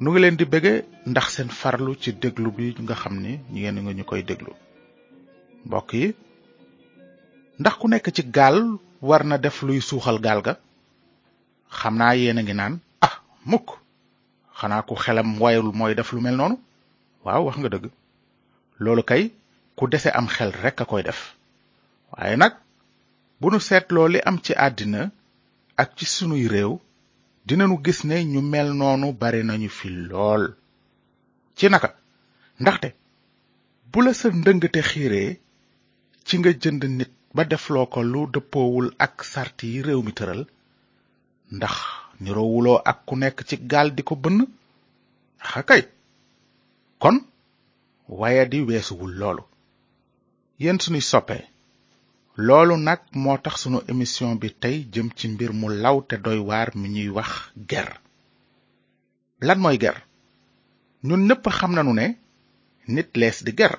nu ngi leen di bëgge ndax seen farlu ci déglu bi nga xam ni ngeen nga ñu koy déglu mbokk yi ndax ku nekk ci gaal war na def luy suuxal gaal ga xam naa yéen a ngi naan ah mukk xanaa ku xelam wayul mooy def lu mel noonu waaw wax nga dëgg loolu kay ku dese am xel rek a koy def waaye nag bu nu seetloo li am ci àddina ak ci sunuy réew dinanu gis ne ñu mel noonu bari nañu fi lool ci naka ndaxte bu la sa ndëngte xiiree ci nga jënd nit ba defloo ko lu dëppoowul ak sart yi réew mi tëral ndax niroowuloo ak ku nekk ci gaal di ko bënn xakay kon waaye di weesuwul loolu yéen sunuy soppee loolu nag moo tax sunu émission bi tey jëm ci mbir mu law te doy waar mi ñuy wax ger lan mooy ger ñun ñépp xam nañu ne nit lees di ger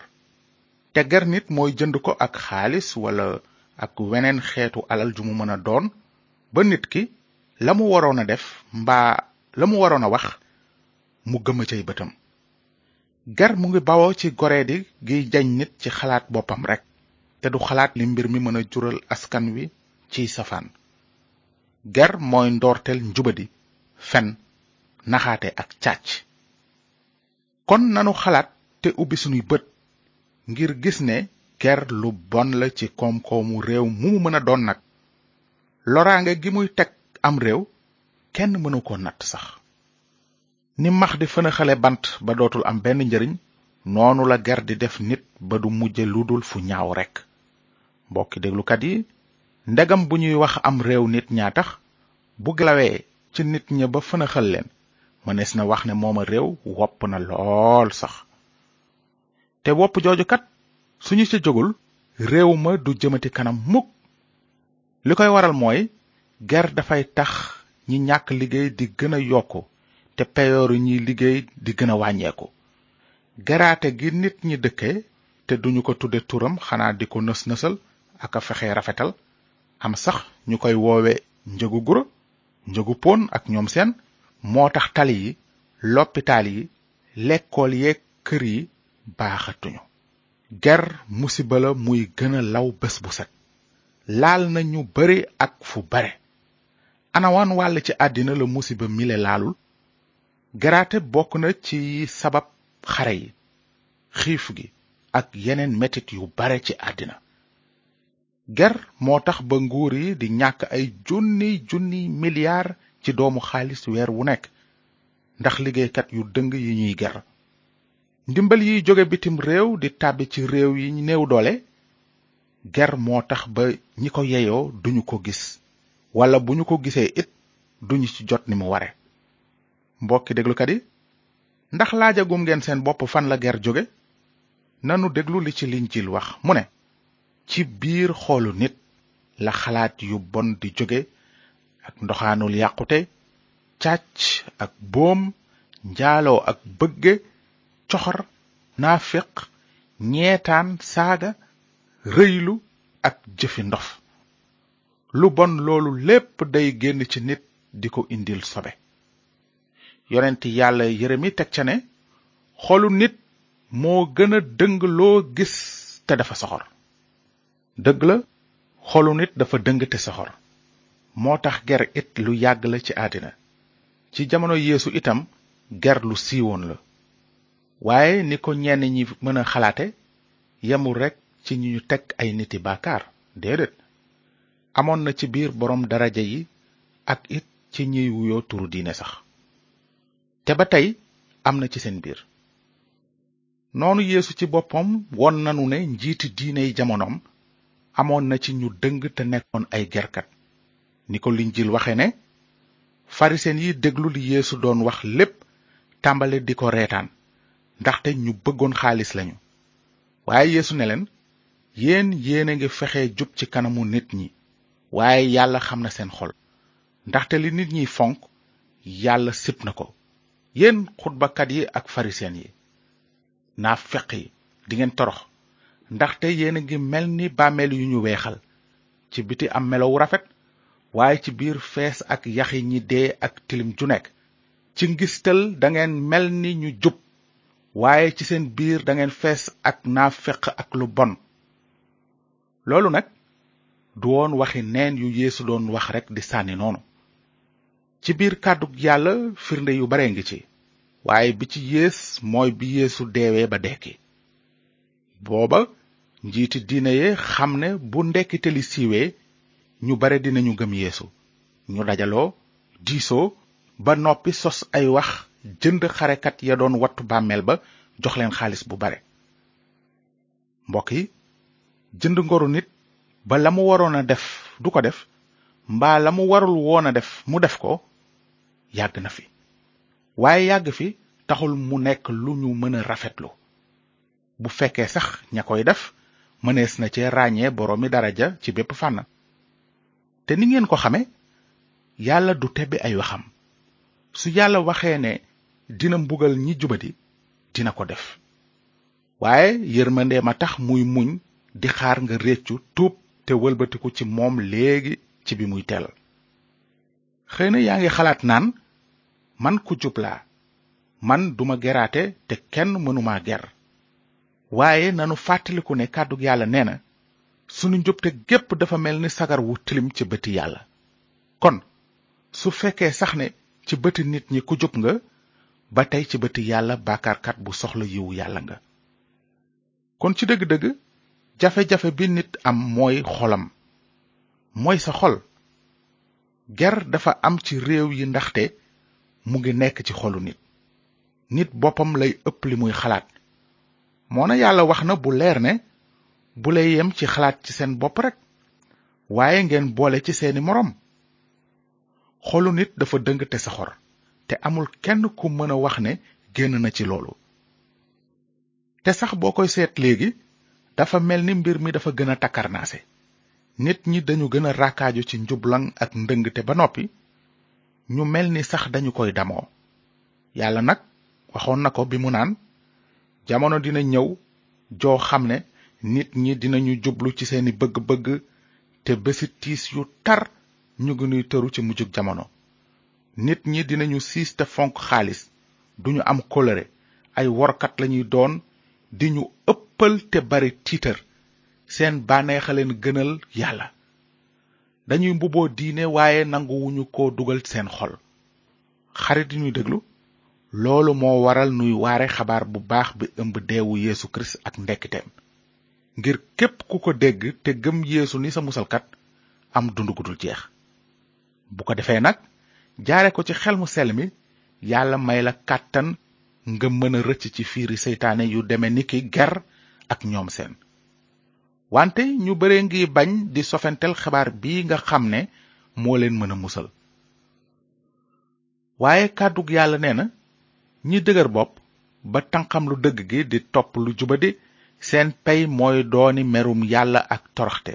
te ger nit mooy jënd ko ak xaalis wala ak weneen xeetu alal ju mu mën a doon ba nit ki la mu waroon a def mbaa la mu waroon a wax mu gëma cay bëtam ger mu ngi bawoo ci goreedi giy jañ nit ci xalaat boppam rek te du xalaat li mbir mi mën a jural askan wi ciy safaan ger mooy ndoorteel njubadi fen naxaate ak càcc kon nanu xalaat te ubbi sunuy bët ngir gis ne ger lu bon la ci koom-koomu réew mu mu mën a doon nag loraange gi muy teg am réew kenn mënu ko natt sax ni max di xale bant ba dootul am benn njariñ noonu la ger di def nit ba du mujje lu dul fu ñaaw rekk mbokki déglukat yi ndegam bu ñuy wax am réew nit ñaa tax bu galawee ci nit ña ba fënaxal leen mënees na wax ne mooma réew wopp na lool sax te wopp jooju kat suñu ca jógul réew ma du jëmati kanam mukk li koy waral mooy ger dafay tax ñi ñàkk liggéey di gën a yokku te peyooru ñiy liggéey di gën a wàññeeku garaate gi nit ñi dëkke te duñu ko tudde turam xanaa di ko nës nësal aka fexe rafetal am sax ñu koy woowe njëgu guro njëgu pon ak ñoom seen moo tax tali yi loppitaal yi lekkool yeeg kër yi baaxatuñu ger musiba la muy gën a law bés bu set laal na ñu bare ak fu bare anawaan wàll ci àddina la musiba mile laalul garaate bokk na ci sabab xare yi xiif gi ak yeneen metit yu bare ci àddina ger moo tax ba nguur yi di ñàkk ay junni junni milliards ci doomu xaalis weer wu nekk ndax liggéeykat yu dëng yi ñuy ger ndimbal yiy jóge bitim réew di tàbbi ci réew yi néew doole ger moo tax ba ñi ko yeyoo duñu ko gis walla bu ñu ko gisee it duñu ci jot ni mu ware mbokki déglukat yi ndax laajagum ngeen seen bopp fan la ger jóge nanu déglu li ci liñ jil wax mu ne ci biir xoolu nit la xalaat yu bon di jóge ak ndoxaanul yàqute càcc ak boom njaaloo ak bëgge coxor naafiq ñeetaan saaga rëylu ak jëfi ndof lu bon loolu lépp day génn ci nit di ko indil sobe yonent yàlla yëremi teg ca ne xolu nit moo gën a dëng loo gis te dafa soxor dëgg la xolu nit dafa dëng te soxor moo tax ger it lu yàgg la ci àddina ci jamono yéesu itam ger lu siiwoon la waaye ni ko ñenn ñi mën a xalaate yemul rekk ci ñu teg ay niti baakaar déedéet amoon na ci biir boroom daraja yi ak it ci ñuy wuyoo turu diine sax te ba tey am na ci seen biir noonu yeesu ci boppam won nanu ne njiiti diiney jamonoom amoon na ci ñu dëng te nekkoon ay gerkat ni ko linjil waxe ne farisen yi déglu li yeesu doon wax lépp tàmbale di ko reetaan ndaxte ñu bëggoon xaalis lañu waaye yeesu ne leen yéen yéen a ngi fexe jub ci kanamu nit ñi waaye yàlla xam na seen xol ndaxte li nit ñiy fonk yàlla sib na ko yéen xutbakat yi ak farisen yi naa feq yi dingeen torox ndaxte yéen a ngi mel ni bàmmeel yu ñu weexal ci biti am melowu rafet waaye ci biir fees ak yaxi ñi dee ak tilim ju nekk ci ngistal dangeen mel ni ñu jub waaye ci seen biir dangeen fees ak naafeq ak lu bon loolu nag du woon waxi neen yu yéesu doon wax rekk di sànni noonu ci biir kàddug yàlla firnde yu baree ngi ci waaye bi ci yées mooy bi yéesu deewee ba dekki booba njiiti diine ye xam ne bu ndekkite li siiwee ñu bare dinañu gëm yéesu ñu dajaloo diisoo ba noppi sos ay wax jënd xarekat ya doon wattu bàmmeel ba jox leen xaalis bu bare mbokk yi jënd ngoru nit ba la mu waroon a def du ko def mbaa la mu warul woon a def mu def ko yàgg na fi waaye yàgg fi taxul mu nekk lu ñu mën a rafetlu bu fekkee sax ña koy def mënees na cee ràññee dara ja ci bépp fànn te ni ngeen ko xame yàlla du tebbi ay waxam su yàlla waxee ne dina mbugal ñi jubadi dina ko def waaye yërmandee a tax muy muñ di xaar nga réccu tuub te wëlbatiku ci moom léegi ci bi muy teel xëy na yaa ngi xalaat naan man ku jublaa man duma geraate te kenn mënuma ger waaye nanu fàttaliku ne kàddug yàlla nee na sunu njubte gépp dafa mel ni sagar wu tilim ci bëti yàlla kon su fekkee sax ne ci bëti nit ñi ku jub nga ba tey ci bëti yàlla bàkkaarkat bu soxla yiwu yàlla nga kon ci dëgg-dëgg jafe-jafe bi nit am mooy xolam mooy sa xol ger dafa am ci réew yi ndaxte mu ngi nekk ci xolu nit nit boppam lay ëpp li muy xalaat moo moona yàlla wax na bu leer ne bu yem ci xalaat ci seen bopp rek waaye ngeen boole ci seeni moroom xolu nit dafa dëng te saxor te amul kenn ku mën a wax ne génn na ci loolu te sax boo koy seet léegi dafa mel ni mbir mi dafa gën a takkarnaase nit ñi dañu gën a raakaaju ci njublan ak ndëngte ba noppi ñu mel ni sax dañu koy damoo yàlla nag waxoon na ko bi mu naan jamono dina ñëw joo xam ne nit ñi dinañu jublu ci seeni bëgg-bëgg te bési tiis yu tar ñu ngi nuy tëru ci mujjug jamono nit ñi dinañu siis te fonk xaalis duñu am kolere ay workat lañuy doon di ñu ëppal te bari tiitar seen bànneexa leen gënal yàlla dañuy mbubboo diine waaye nanguwuñu ko dugal seen xol xarit yi ñuy déglu loolu moo waral nuy waare xabaar bu baax bi ëmb deewu yéesu kirist ak ndekkiteem ngir képp ku ko dégg te gëm yeesu ni sa musalkat am dund gu dul jeex bu ko defee nag jaare ko ci xel mu sel mi yàlla may la kàttan nga mën a rëcc ci fiiri seytaane yu deme ni ki ger ak ñoom seen wante ñu bare ngi bañ di sofentel xabaar bii nga xam ne moo leen mën a musal waaye kàddug yàlla nee na ñi dëgër bopp ba tanqam lu dëgg gi di topp lu juba di seen pay mooy dooni merum yàlla ak toroxte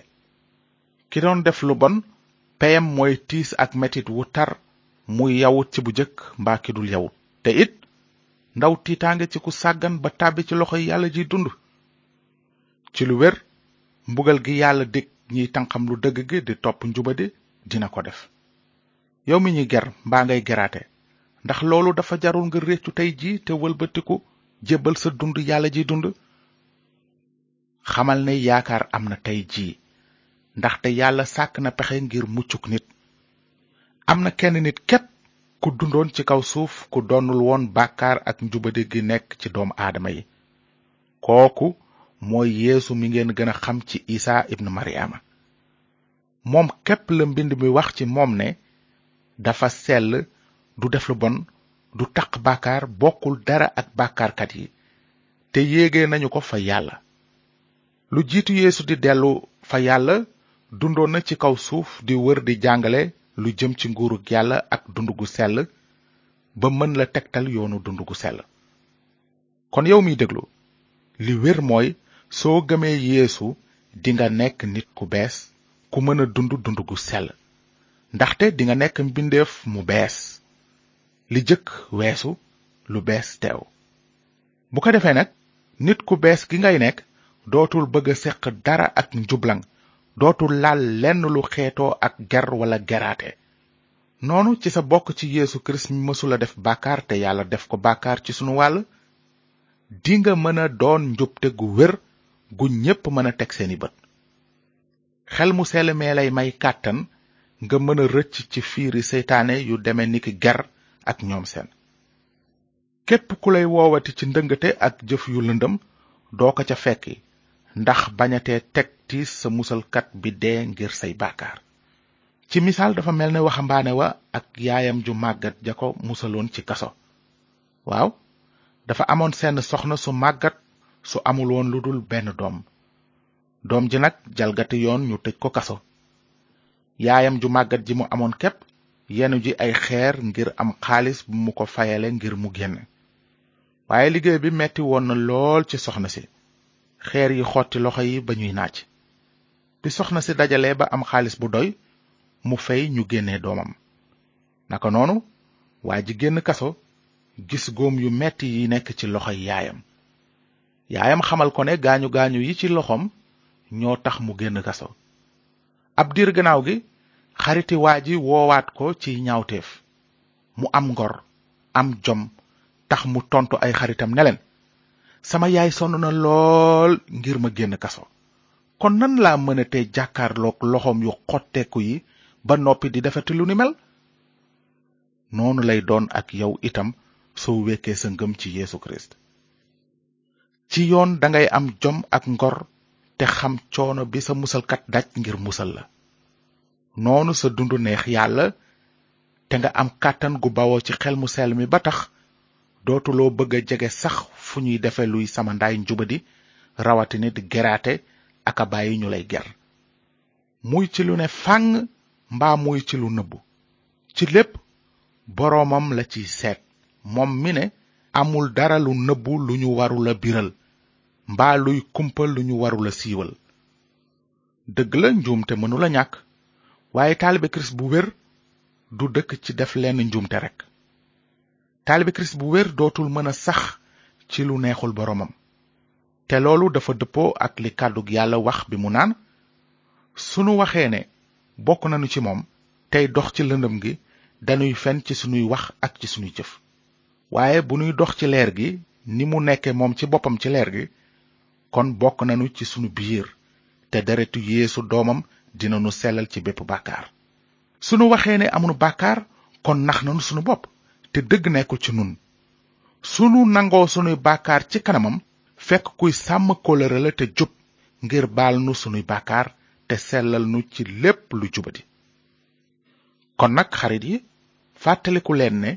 ki doon def lu bon payam mooy tiis ak metit wu tar muy yawut ci bu jëkk mbaa ki dul yawut te it ndaw tiitaange ci ku sàggan ba tàbbi ci loxoy yàlla ji dund ci lu wér mbugal gi yàlla dig ñiy tanqam lu dëgg gi di topp njuba di dina ko def yow mi ñuy ger mbaa ngay geraate ndax loolu dafa jarul nga réccu tey jii te wëlbatiku jébbal sa dund yàlla ji dund xamal ne yaakaar am na tey jii ndaxte yàlla sàkk na pexe ngir muccuk nit am na kenn nit képp ku dundoon ci kaw suuf ku doonul woon bàkkaar ak njubadi gi nekk ci doomu aadama yi kooku mooy yéesu mi ngeen gën a xam ci isaa ibnu mariama moom képp la mbind mi wax ci moom ne dafa sell du def lu bon du taq bàkkaar bokkul dara ak bàkkaarkat yi te yéege nañu ko fa yàlla lu jiitu yéesu di dellu fa yàlla dundoon na ci kaw suuf di wër di jàngale lu jëm ci nguurug yàlla ak dund gu sell ba mën la tegtal yoonu dund gu sell kon yow miy déglu li wér mooy soo gëmee yéesu dinga nekk nit ku bees ku mën a dund dund gu sell ndaxte dinga nekk mbindeef mu bees li jëkk weesu lu bees teew bu ko defee nag nit ku bees gi ngay nekk dootul bëgg a seq dara ak njublang dootul laal lenn lu xeetoo ak ger wala geraate noonu ci sa bokk ci yeesu kirist mi mësula def bàkkaar te yàlla def ko bàkkaar ci sunu wàll di nga mën a doon njubte gu wér gu ñépp mën a teg seeni bët xel mu sell mee lay may kàttan nga mën a rëcc ci fiiri seytaane yu deme niki ger ak ñoom seen képp ku lay woowati ci ndëngate ak jëf yu lëndëm doo ko ca fekki ndax bañatee teg ti sa musalkat bi dee ngir say bàkkaar ci misaal dafa mel ne waxambaane wa ak yaayam ju màggat ja ko musaloon ci kaso waaw dafa amoon seen soxna su màggat su amul woon lu dul benn doom doom ji nag jalgati yoon ñu tëj ko kaso yaayam ju màggat ji mu amoon képp yenu ji ay xeer ngir am xaalis bu mu ko fayale ngir mu génn waaye liggéey bi metti woon na lool ci soxna si xeer yi xotti loxo yi ba ñuy naaj bi soxna si dajale ba am xaalis bu doy mu fay ñu génnee doomam naka noonu waa ji génn kaso gis góom yu metti yi nekk ci loxo yi yaayam yaayam xamal ko ne gaañu gaañu yi ci loxoom ñoo tax mu génn kaso ab diir gannaaw gi xariti waa ji woowaat ko ci ñaawteef mu am ngor am jom tax mu tontu ay xaritam ne sama yaay sonn na lool ngir ma génn kaso kon nan laa mën a tee jàkkaarloog loxoom yu xotteeku yi ba noppi di defati lu ni mel noonu lay doon ak yow itam soo wekkee sa ngëm ci Yeesu Kirist ci yoon dangay am jom ak ngor te xam coono bi sa musalkat daj ngir musal la noonu sa dund neex yàlla te nga am kàttan gu bawoo ci xel mu seel mi ba tax dootuloo bëgg a jege sax fu ñuy defe luy sama ndaay njuba di rawatina di geraate ak a bàyyi ñu lay ger muy ci lu ne fànn mbaa muy ci lu nëbbu ci lépp boroomam la ci seet moom mi ne amul dara lu nëbbu lu ñu warula biral mbaa luy kumpa lu ñu warula siiwal dëgg la njuumte mënula ñàkk waaye taalibe kirist bu wér du dëkk ci def lenn njuumte rekk taalibe kirist bu wér dootul mën a sax ci lu neexul boroomam te loolu dafa dëppoo ak li kàddu yàlla wax bi mu naan sunu waxee ne bokk nañu ci moom tey dox ci lëndëm gi dañuy fenn ci sunuy wax ak ci sunuy jëf waaye bu nuy dox ci leer gi ni mu nekkee moom ci boppam ci leer gi kon bokk nañu ci sunu biir te deretu yeesu doomam dina nu sellal ci bépp bàkkaar sunu waxee ni amunu bàkkaar kon nax nanu sunu bopp te dëgg nekkul ci nun sunu nangoo sunuy bàkkaar ci kanamam fekk kuy sàmm kóllëre la te jub ngir baal nu sunuy bàkkaar te sellal nu ci lépp lu jubadi kon nag xarit yi fàttaliku leen ne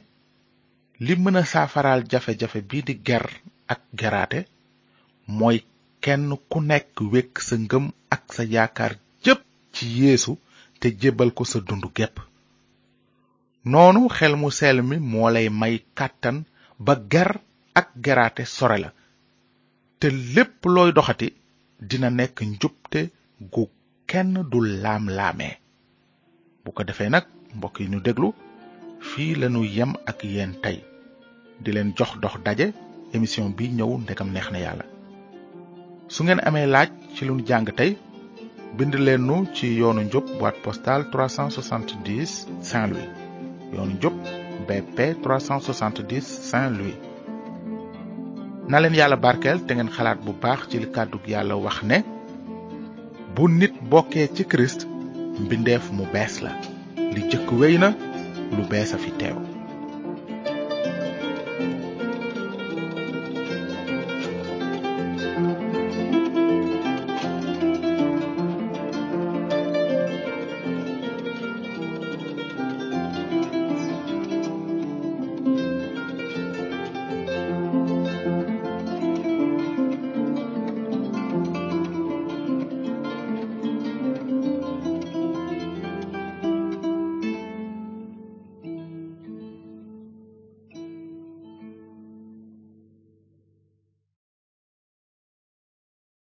li mën a saafaraal jafe-jafe bii di ger ak geraate mooy kenn ku nekk wekk sa ngëm ak sa yaakaar ci te jébbal ko sa dund gépp noonu xel mu seel mi moo lay may kàttan ba ger ak geraate sore la te lépp looy doxati dina nekk njubte gu kenn du laam-laamee bu ko defee nag mbokk yi ñu déglu fii lañu yem ak yéen tey di leen jox dox daje émission bi ñëw ndegam neex na yàlla su ngeen amee laaj ci lu jàng tey bind leen nu ci yoonu njub boîte postale 370 saint louis yoonu njub bp 370 saint louis na leen yàlla barkeel te ngeen xalaat bu baax ci li kàddug yàlla wax ne bu nit bokkee ci christ mbindeef mu bees la li jëkk wéy na lu a fi teew